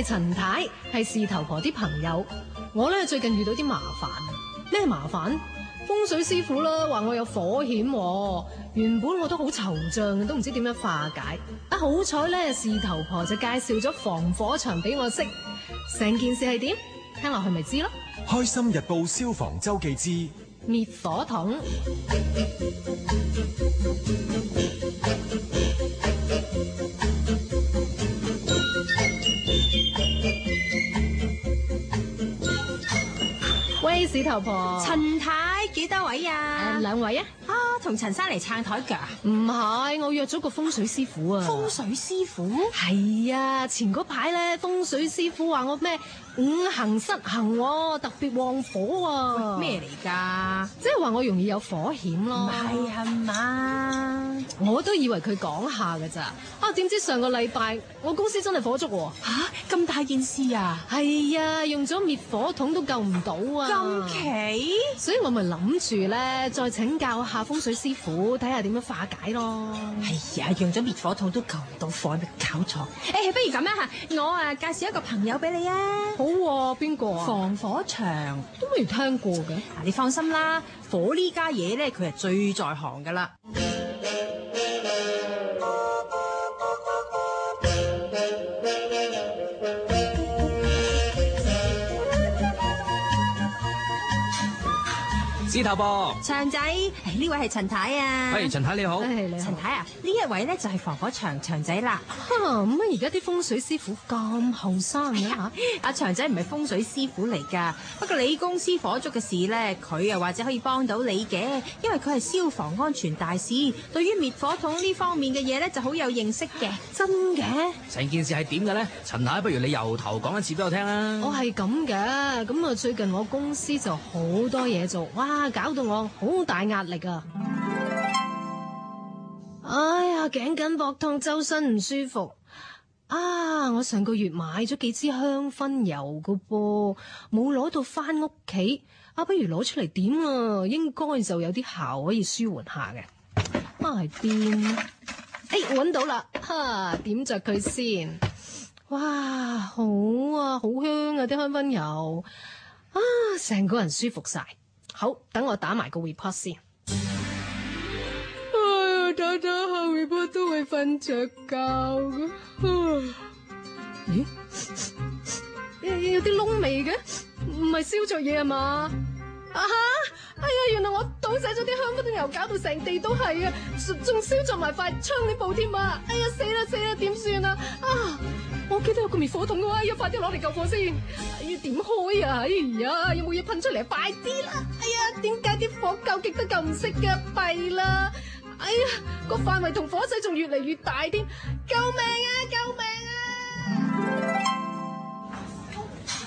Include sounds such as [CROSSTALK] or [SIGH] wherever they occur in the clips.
係陳太係事頭婆啲朋友，我咧最近遇到啲麻煩，咩麻煩？風水師傅啦話我有火險，原本我都好惆悵，都唔知點樣化解。啊，好彩咧，事頭婆就介紹咗防火牆俾我識。成件事係點？聽落去咪知咯。開心日報消防周記之滅火筒。 [LAUGHS] 頭婆，陳太幾多位啊？啊，兩位啊。同陳生嚟撐台腳？唔係，我約咗個風水師傅啊！風水師傅係啊，前排咧風水師傅話我咩五行失衡，啊，特別旺火啊！咩嚟噶？即係話我容易有火險咯？唔係係嘛？我都以為佢講下噶咋啊？點知上個禮拜我公司真係火燭吓，咁大件事啊！係啊，用咗滅火筒都救唔到啊！咁奇，所以我咪諗住咧再請教下風水。師傅睇下點樣化解咯。哎呀，用咗滅火筒都救唔到火，咪搞錯。誒、哎，不如咁啦，我啊介紹一個朋友俾你啊。好，邊個啊？個防火牆都未聽過嘅，啊。你放心啦，火呢家嘢咧，佢係最在行噶啦。頭噃、啊，長仔，呢位係陳太啊。誒，陳太你好，陳太啊，呢一位咧就係防火牆長仔啦。咁啊，而家啲風水師傅咁後生嘅吓？阿、哎、長仔唔係風水師傅嚟噶。不過你公司火燭嘅事咧，佢又或者可以幫到你嘅，因為佢係消防安全大使，對於滅火筒呢方面嘅嘢咧就好有認識嘅，真嘅。成、啊、件事係點嘅咧？陳太，不如你由頭講一次俾我聽啦。我係咁嘅，咁啊最近我公司就好多嘢做，哇！搞到我好大壓力啊！哎呀，頸緊膊痛，周身唔舒服啊！我上個月買咗幾支香薰油噶噃、啊，冇攞到翻屋企啊！不如攞出嚟點啊，應該就有啲效可以舒緩下嘅、哎。啊，喺邊？誒，搵到啦！吓，點著佢先？哇，好啊，好香啊，啲香薰油啊，成個人舒服晒。好，等我打埋個 report 先。哎呀，打咗下 report 都會瞓着覺嘅。咦、 [LAUGHS] 欸，有啲燶味嘅，唔係燒着嘢吖嘛？啊哈！哎呀，原來我倒瀉咗啲香燭油，搞到成地都係啊，仲燒着埋塊窗簾布添啊！哎呀，死啦死啦，點算啊！啊，我記得有個滅火筒嘅，要快啲攞嚟救火先！要點開啊？哎呀，有冇嘢噴出嚟？快啲啦！哎呀，點解啲火救極都救唔熄嘅？弊啦！哎呀，個範圍同火勢仲越嚟越大添，救命！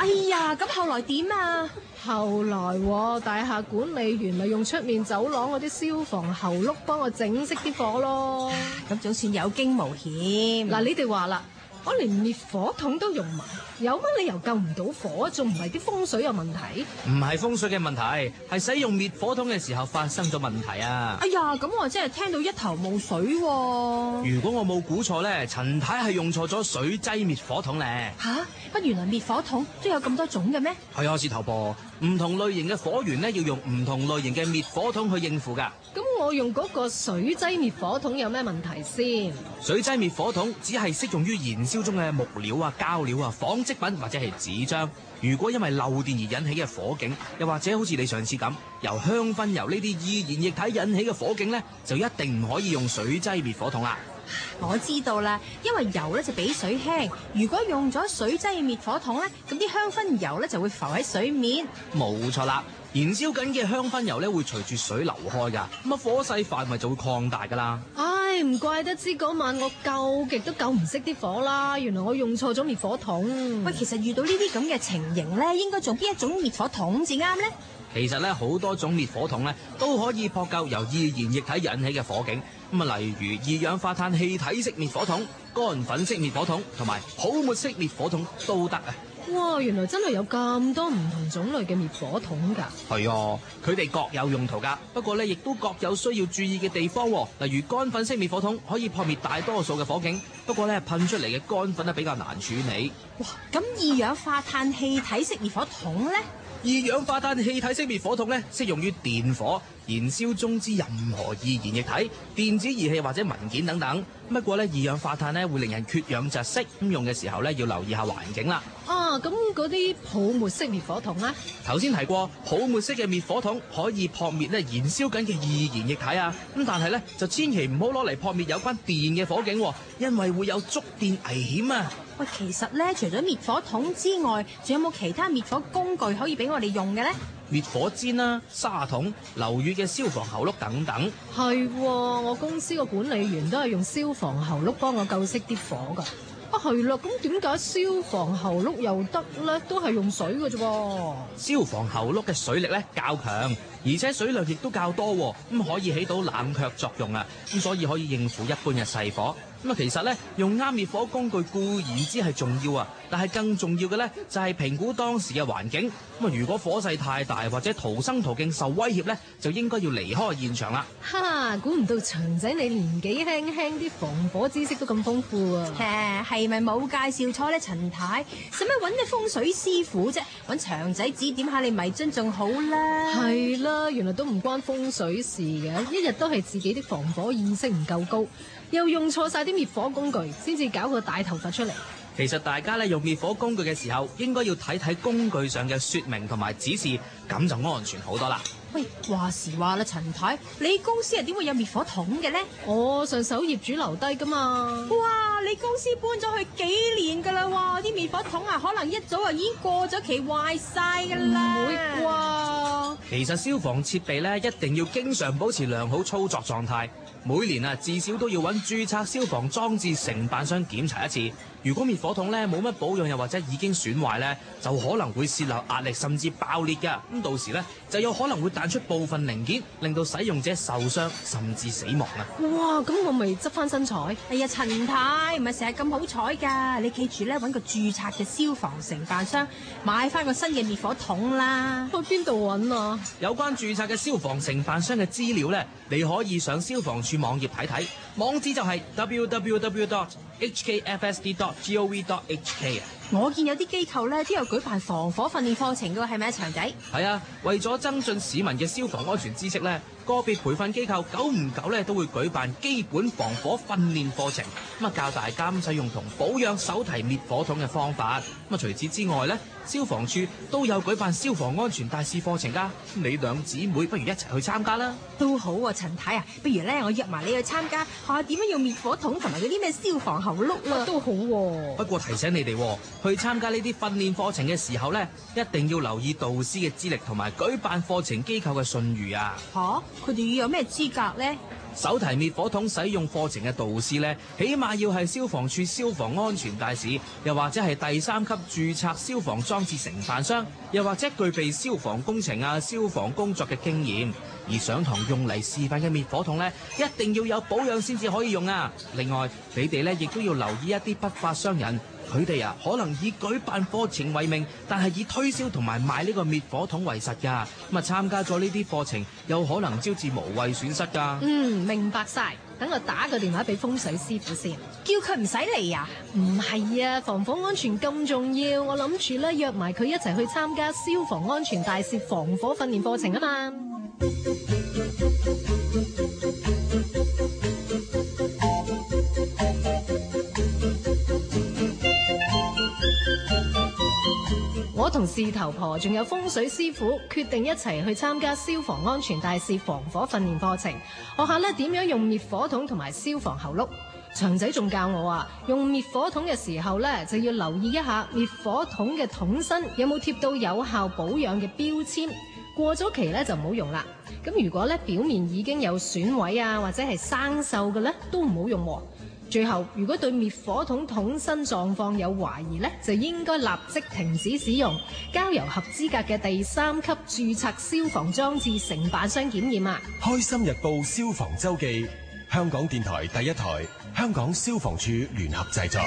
哎呀，咁後來點啊？ [LAUGHS] 後來、哦、大廈管理員咪用出面走廊嗰啲消防喉碌幫我整熄啲火咯。咁總算有驚無險。嗱，你哋話啦。我連滅火筒都用埋，有乜理由救唔到火？仲唔係啲風水有問題？唔係風水嘅問題，係使用滅火筒嘅時候發生咗問題啊！哎呀，咁我真係聽到一頭霧水，啊。如果我冇估錯咧，陳太係用錯咗水劑滅火筒咧。吓，啊啊，乜原來滅火筒都有咁多種嘅咩？係啊，舌頭婆，唔同類型嘅火源咧，要用唔同類型嘅滅火筒去應付噶。我用嗰個水劑滅火筒有咩問題先？水劑滅火筒只係適用於燃燒中嘅木料啊、膠料啊、紡織品或者係紙張。如果因為漏電而引起嘅火警，又或者好似你上次咁由香薰油呢啲易燃液體引起嘅火警呢，就一定唔可以用水劑滅火筒啦。我知道啦，因為油咧就比水輕，如果用咗水劑滅火筒咧，咁啲香薰油咧就會浮喺水面，冇錯啦。燃燒緊嘅香薰油咧會隨住水流開噶，咁啊火勢範圍就會擴大噶啦。啊唔怪得知嗰晚我救極都救唔熄啲火啦，原來我用錯咗滅火筒。喂，其實遇到呢啲咁嘅情形咧，應該做邊一種滅火筒至啱呢？其實咧，好多種滅火筒咧都可以撲救由易燃液體引起嘅火警。咁啊，例如二氧化碳氣體式滅火筒、乾粉式滅火筒同埋泡沫式滅火筒都得啊。哇！原來真係有咁多唔同種類嘅滅火筒㗎。係哦、啊，佢哋各有用途㗎。不過呢，亦都各有需要注意嘅地方、哦。例如乾粉式滅火筒可以撲滅大多數嘅火警，不過呢，噴出嚟嘅乾粉呢，比較難處理。哇！咁二氧化碳氣體式滅火筒呢？二氧化碳氣體式滅火筒呢，適用於電火、燃燒中之任何易燃液體、電子儀器或者文件等等。不過呢，二氧化碳呢會令人缺氧窒息，咁用嘅時候呢，要留意下環境啦。啊啊，咁嗰啲泡沫式滅火筒咧？頭先提過泡沫式嘅滅火筒可以撲滅咧燃燒緊嘅易燃液體啊，咁但係咧就千祈唔好攞嚟撲滅有關電嘅火警，因為會有觸電危險啊！喂，其實咧除咗滅火筒之外，仲有冇其他滅火工具可以俾我哋用嘅咧？滅火氈啊、沙桶、樓宇嘅消防喉轆等等。係、啊，我公司個管理員都係用消防喉轆幫我救熄啲火噶。啊，係啦，咁點解消防喉轆又得咧？都係用水嘅啫噃。消防喉轆嘅水力咧較強，而且水量亦都較多，咁、嗯、可以起到冷卻作用啊，咁、嗯、所以可以應付一般嘅細火。咁、嗯、啊，其實咧用啱滅火工具固然之係重要啊。但係更重要嘅咧，就係評估當時嘅環境。咁啊，如果火勢太大或者逃生途徑受威脅咧，就應該要離開現場啦。哈！估唔到長仔你年紀輕輕，啲防火知識都咁豐富啊！誒，係咪冇介紹錯咧，陳太，使乜揾啲風水師傅啫？揾長仔指點下你迷津仲好啦。係啦，原來都唔關風水事嘅，一日都係自己啲防火意識唔夠高，又用錯晒啲滅火工具，先至搞個大頭髮出嚟。其實大家咧用滅火工具嘅時候，應該要睇睇工具上嘅說明同埋指示，咁就安全好多啦。喂，話時話啦，陳太，你公司係點會有滅火筒嘅呢？我上手業主留低噶嘛？哇，你公司搬咗去幾年噶啦？哇，啲滅火筒啊，可能一早啊已經過咗期壞晒噶啦。唔會啩？其實消防設備咧一定要經常保持良好操作狀態，每年啊至少都要揾註冊消防裝置承辦商檢查一次。如果滅火筒咧冇乜保養，又或者已經損壞咧，就可能會泄漏壓力，甚至爆裂㗎。咁到時咧，就有可能會彈出部分零件，令到使用者受傷甚至死亡啊！哇！咁我咪執翻身彩。哎呀，陳太唔係成日咁好彩㗎。你記住咧，揾個註冊嘅消防承辦商買翻個新嘅滅火筒啦。去邊度揾啊？有關註冊嘅消防承辦商嘅資料咧，你可以上消防處網頁睇睇，網址就係 www. HKFSD.gov.hk 啊，HK 我見有啲機構咧都有舉辦防火訓練課程㗎喎，係咪啊，祥仔？係啊，為咗增進市民嘅消防安全知識咧。個別培訓機構久唔久咧都會舉辦基本防火訓練課程，咁啊教大家使用同保養手提滅火筒嘅方法。咁啊，除此之外咧，消防處都有舉辦消防安全大使課程噶。你兩姊妹不如一齊去參加啦，都好啊，陳太啊，不如咧我約埋你去參加，學下點樣用滅火筒同埋嗰啲咩消防喉碌啊，都好。不過提醒你哋，去參加呢啲訓練課程嘅時候咧，一定要留意導師嘅資歷同埋舉辦課程機構嘅信譽啊。吓？佢哋要有咩資格呢？手提滅火筒使用課程嘅導師呢，起碼要係消防處消防安全大使，又或者係第三級註冊消防裝置承辦商，又或者具備消防工程啊、消防工作嘅經驗。而上堂用嚟示範嘅滅火筒呢，一定要有保養先至可以用啊。另外，你哋呢亦都要留意一啲不法商人。佢哋啊，可能以舉辦課程為名，但係以推銷同埋賣呢個滅火筒為實㗎。咁啊，參加咗呢啲課程，有可能招致無謂損失㗎。嗯，明白晒。等我打個電話俾風水師傅先，叫佢唔使嚟啊。唔係啊，防火安全咁重要，我諗住咧約埋佢一齊去參加消防安全大使防火訓練課程啊嘛。 [MUSIC] 同事頭婆仲有風水師傅決定一齊去參加消防安全大使防火訓練課程，學下咧點樣用滅火筒同埋消防喉轆，祥仔仲教我啊，用滅火筒嘅時候咧就要留意一下滅火筒嘅筒身有冇貼到有效保養嘅標籤，過咗期咧就唔好用啦。咁如果咧表面已經有損毀啊或者係生銹嘅咧都唔好用。最後，如果對滅火筒筒身狀況有懷疑呢就應該立即停止使用，交由合資格嘅第三級註冊消防裝置承辦商檢驗啊！《開心日報》消防周記，香港電台第一台，香港消防處聯合製作。